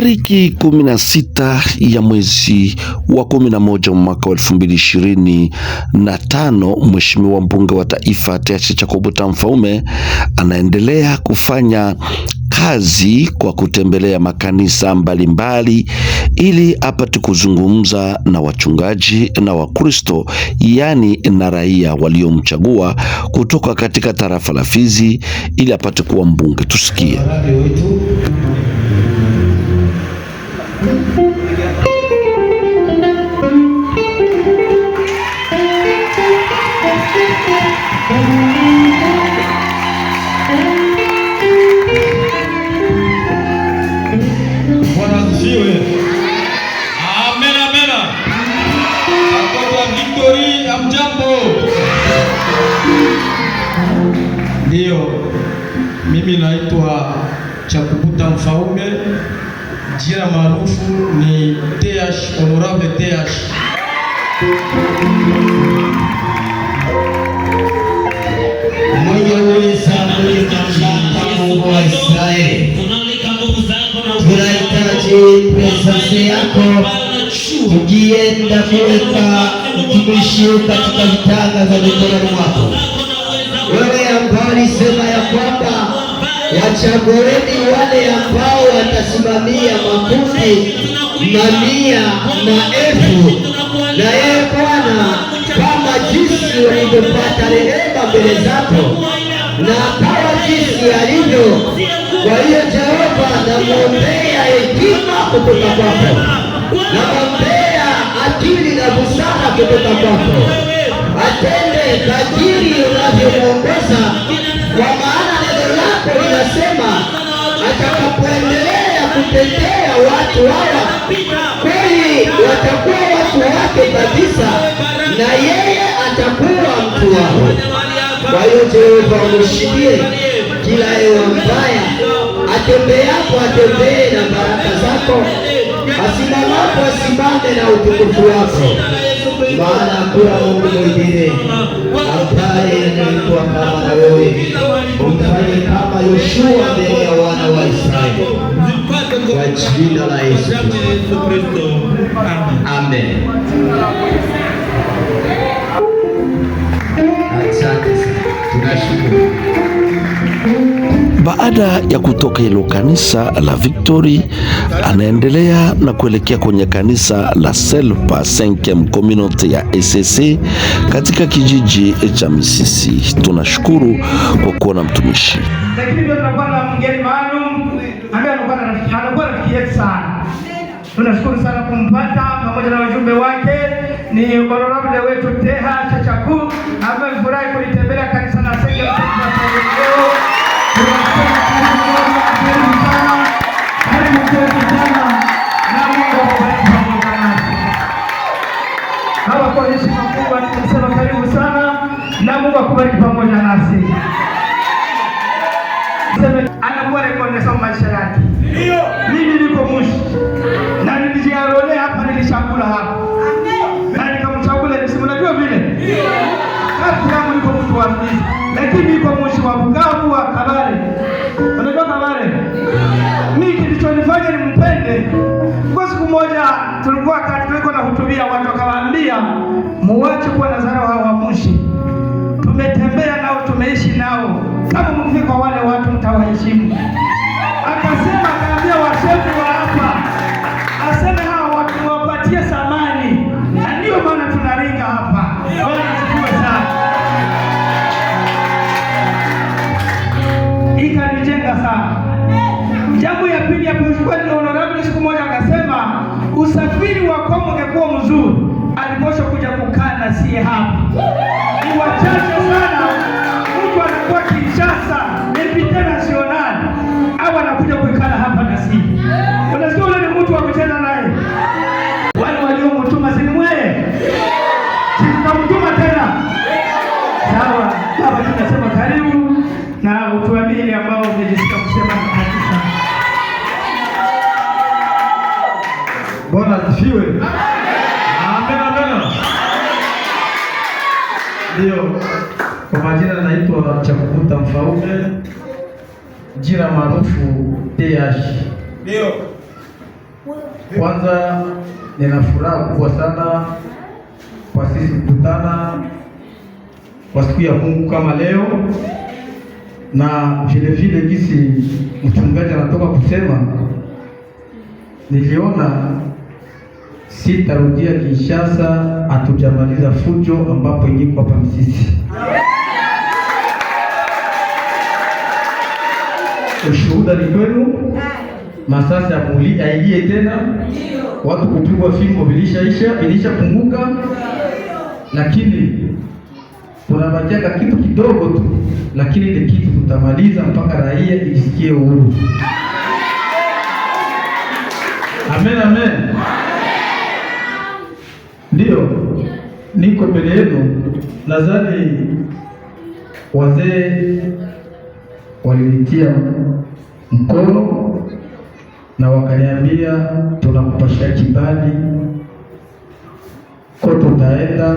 Tariki kumi sita ya mwezi wa kumi moja mwaka wa elfu mbili ishirini na tano Mheshimiwa mbunge wa taifa Teacha Chakobuta Mfaume anaendelea kufanya kazi kwa kutembelea makanisa mbalimbali mbali, ili apate kuzungumza na wachungaji na Wakristo yaani na raia waliomchagua kutoka katika tarafa la Fizi ili apate kuwa mbunge. Tusikie. asifiwe. Amen, amen. Watoto wa Victory, hamjambo? Ndiyo, mimi naitwa Chakubuta Mfaume, jina maarufu ni TH, Honorable TH. Mwenye sana ni Mungu presence yako, ukienda kuweka mtumishi katika vitanga za mikononi mwako wewe, ambao lisema ya kwamba wachagueni wale ambao watasimamia makundi na mia na elfu, na yeye Bwana, kama jinsi walivyopata rehema mbele zako na kama jinsi alivyo kwa hiyo Jehova namwombea hekima kutoka kwako, namwombea akili na busara kutoka kwako, atende kadiri unavyomwongoza, kwa maana neno lako linasema atakapoendelea kutetea watu hawa, kweli watakuwa watu wake kabisa, na yeye atakuwa mtu wao. Kwa hiyo Jehova, mshindie kila hewa mbaya atembeapo atembee na baraka zako, asimamapo asimame na utukufu wako, maana hakuna Mungu mwingine ambaye anaitwa kama na wewe. Umfanye kama Yoshua mbele ya wana wa Israeli, kwa jina la Yesu amen. Asante, tunashukuru. Baada ya kutoka hilo kanisa la Victory, anaendelea na kuelekea kwenye kanisa la Selpa Senkem Community ya ECC katika kijiji cha Misisi. Tunashukuru kwa kuona mtumishi tunashukuru sana kumpata pamoja na wajumbe wake, ni honorable wetu Teha Chachaku ambaye furahi kulitembelea kanisa la Senkem leo na Mungu akubariki pamoja nasi. Anakuwa rekodi sana maisha yake. Ndio. Mimi niko Moshi. Na nilijiarone hapa nilishakula hapa. Amen. Na nikamchagua nisimu najua vile. Ndio. Kati yangu niko mtu wa mjini lakini iko wa Bukavu wa Kabare. Unajua Kabare, mimi kilichonifanya nimpende kwa siku moja, tulikuwa na hutubia watu wakawaambia, muwache kuwa nazara dharau wa wamushi, tumetembea nao tumeishi nao, kama mfika wale watu mtawaheshimu. Akasema, akaambia washefu Jambo ya pili ya honorable, siku moja akasema usafiri wa Kongo ungekuwa mzuri, alikosha kuja kukaa na sie hapa na utuambie ile ambao umejisikia kusema katika. Bwana asifiwe. Amen, amen. Ndio. Kwa majina naitwa Chakukuta Mfaume, jina maarufu TH. Ndio. Kwanza nina furaha kubwa sana kwa sisi kukutana kwa siku ya Mungu kama leo na vilevile jinsi mchungaji anatoka kusema, niliona sitarudia Kinshasa, hatujamaliza fujo ambapo ingiko hapa Misisi. Ushuhuda ni kwenu, masasi ailie tena, watu kupigwa fimbo vilishaisha, vilishapunguka, lakini tunabakiaka kitu kidogo tu, lakini ile kitu tutamaliza mpaka raia isikie uhuru. Amen, amen. Ndio niko mbele yenu, nadhani wazee walinitia mkono na wakaniambia tunakupashia kibali kwa tutaenda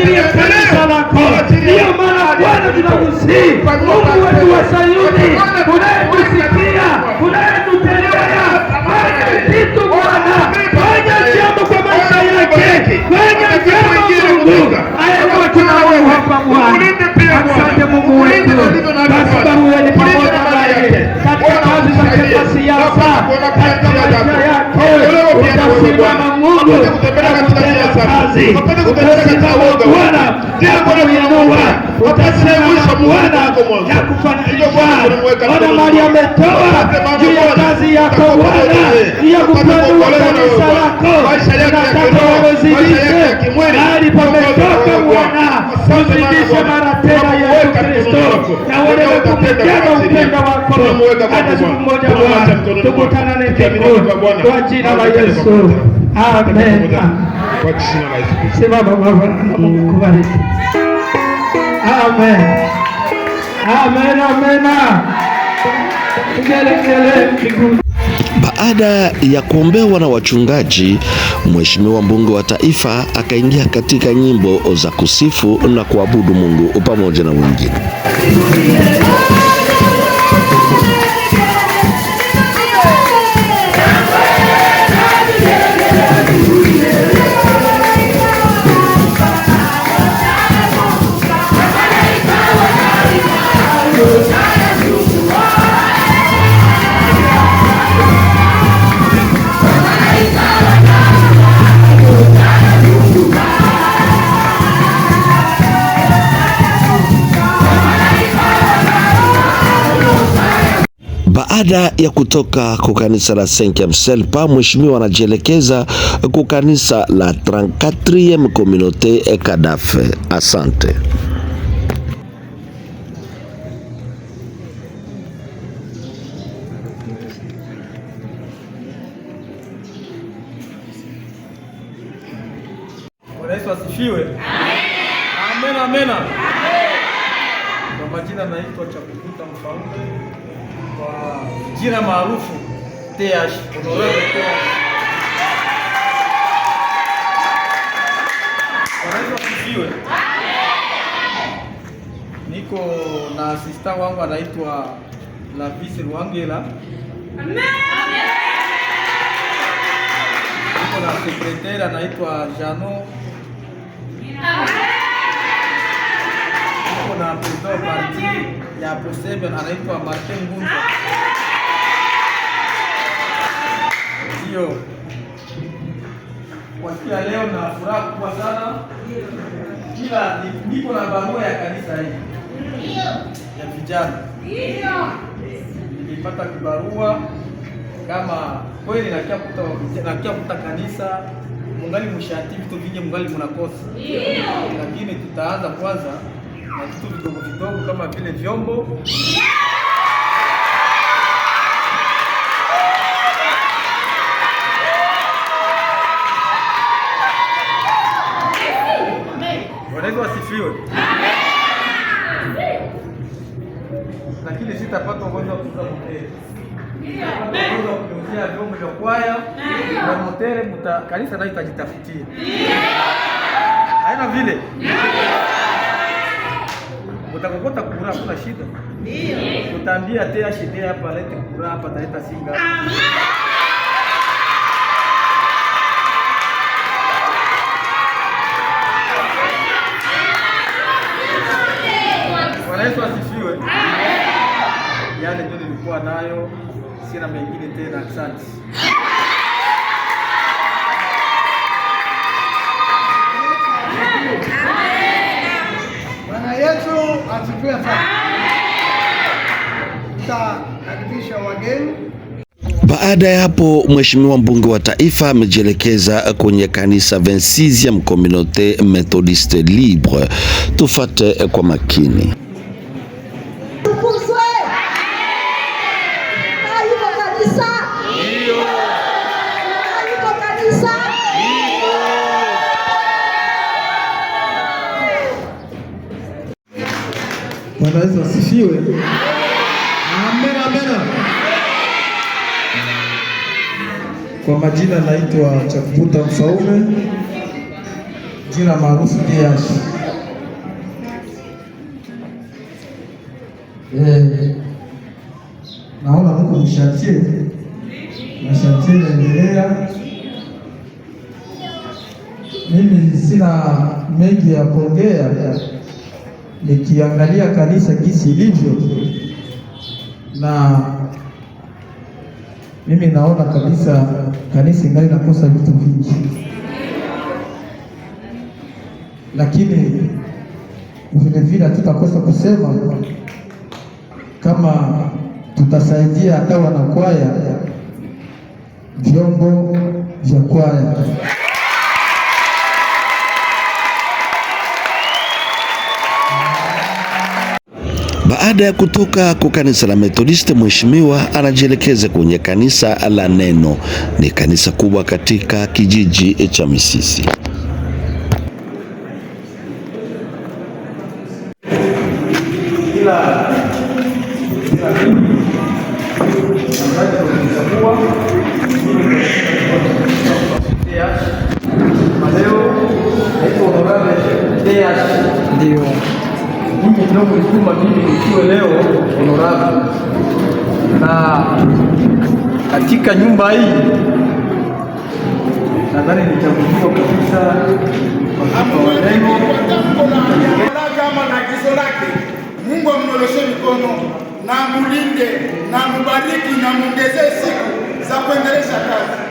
ajili ya kanisa lako. Ndiyo maana Bwana tunakusii, Mungu wetu wa Sayuni, unayetusikia, unayetutendea, fanya kitu Bwana, fanya jambo kwa maisha yake, fanya jambo Mungu ayekuwa tunawe hapa Bwana. Asante Mungu wetu, basi barua ni pamoja naye katika kazi za kisiasa, katika maisha utapenda kutembea katika njia za kazi, utapenda kutembea katika uoga ameamua watasewusha Bwana ya kufanya Bwana ana mali ametoa juu ya kazi yako Bwana, ya kupanua kanisa lako. Nataka wamezidishe mahali pametoka Bwana, uzidishe mara tena Yesu Kristo, na waendelee kupigana upenda wako hata siku moja Bwana, tukutanane mbinguni kwa jina la Yesu, amen kwa jina la Yesu. Sema Baba, Mungu kubariki. Amen. Amen, amen. Ngele ah. ngele Baada ya kuombewa na wachungaji, Mheshimiwa mbunge wa taifa akaingia katika nyimbo za kusifu na kuabudu Mungu pamoja na wengine. Baada ya kutoka kwa kanisa la Saint Amselpa, mheshimiwa anajielekeza kwa kanisa la 34e communauté Kadafe. Asante. Amen. Amen, amen. Kwa majina naitwa Chakukuta Mfaume jina maarufu Teash Honorable Teash. Bwana asifiwe. Niko na sista wangu anaitwa Lavisi Rwangela. Amen. Niko na sekretari anaitwa Jano. Amen na president parti ya POSEB anaitwa Martin Ngunza. Ndio kwakia leo na furaha kubwa sana, kila niko na barua ya kanisa hii ya vijana, nilipata kibarua kama kweli nakia kuta kanisa mungali mshati vitu vingi mungali munakosa, lakini tutaanza kwanza na vitu vidogo vidogo kama vile vyombo wanaweza wasifiwe, lakini sitapata ugonjwa kuuza kuuzia vyombo vya kwaya na kanisa nayo itajitafutia haina vile Utakota kura kuna shida. Ndio. Utaambia shida hapa lete kura hapa taleta singa. Yesu asifiwe. Amen. Yale ndio nilikuwa nayo, sina mengine tena. Asante. kuwakaribisha wageni. Baada ya hapo Mheshimiwa mbunge wa taifa amejielekeza kwenye kanisa Vincesième Communauté Méthodiste Libre. Tufate kwa makini. Bwana Yesu asifiwe. Kwa majina naitwa Chakubuta Mfaume, jina maarufu Dias. Eh, naona Mungu mshatie na shatie naendelea. Mimi sina mengi ya kuongea, nikiangalia kanisa jinsi ilivyo na mimi naona kabisa kanisa ingali inakosa vitu vingi, lakini vilevile hatutakosa kusema kama tutasaidia hata wanakwaya, vyombo vya kwaya Baada ya kutoka kwa kanisa la Methodisti, mheshimiwa anajielekeza kwenye kanisa la Neno. Ni kanisa kubwa katika kijiji cha Misisi. katika nyumba hii nadhani nitaguliwa kabisa kama na agizo lake. Mungu amnyoroshe mikono na mulinde na mubariki na muongezee siku za kuendelesha kazi.